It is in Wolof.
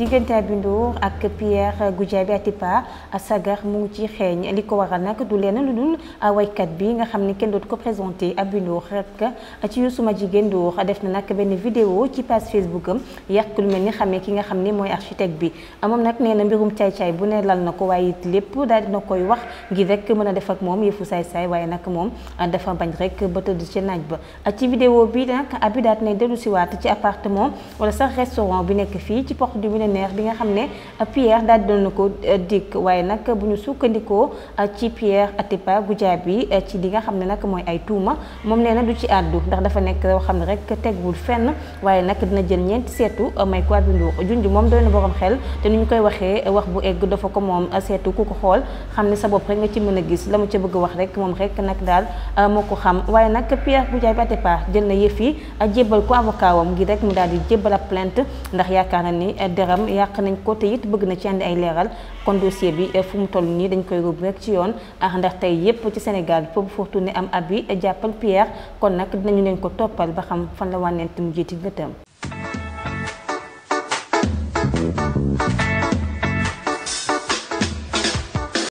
diggante Aby Ndour ak Pierre Goudiaby Atepa sagar mu ngi ci xeeñ li ko waral nag du leen lu dul waykat bi nga xam ne kenn dootu ko présenté Aby Ndour rek ci Youssouma Jigéen Ndour def na nag benn vidéo ci page Facebook am yàq lu mel ni xamee ki nga xam ni mooy architecte bi moom nag nee na mbirum caay-caay bu ne lal na ko waaye it lépp daal dina koy wax ngir rekk mën a def ak moom yëfu saay-saay waaye nag moom dafa bañ rek ba tëdd naaj ba ci vidéo siwaat ci appartement séminaire bi nga xam ne Pierre daal di na ko eh, dikk waaye nag bu ñu sukkandikoo eh, ci Pierre Atepa bi eh, ci li nga xam ne nag mooy ay tuuma moom nee na du ci àddu ndax dafa nekk loo xam ne rek tegwul fenn waaye nag dina jël ñeenti seetu may ko bi nduur moom doy na borom te ni ñu koy waxee wax bu egg dafa ko moom seetu ku ko xool xam ne sa bopp rek nga ci mën a gis la mu ca bëgg wax rek moom rek nag daal xam waaye nag Pierre Goudiaby Atepa jël na yëf yi jébbal ko avocat wam ngir rek mu daal di jébbal ab plainte ndax yaakaar na ni deram itam yàq nañ ko te it bëgg na ci ay leeral kon dossier bi eh, fu mu toll nii dañ koy rëbb rek ci yoon ah ndax tey yépp ci Sénégal foofu ne am ab yi eh, jàppal Pierre kon nag dinañu leen ko toppal ba xam fan la wànneen tam jiiti gëtëm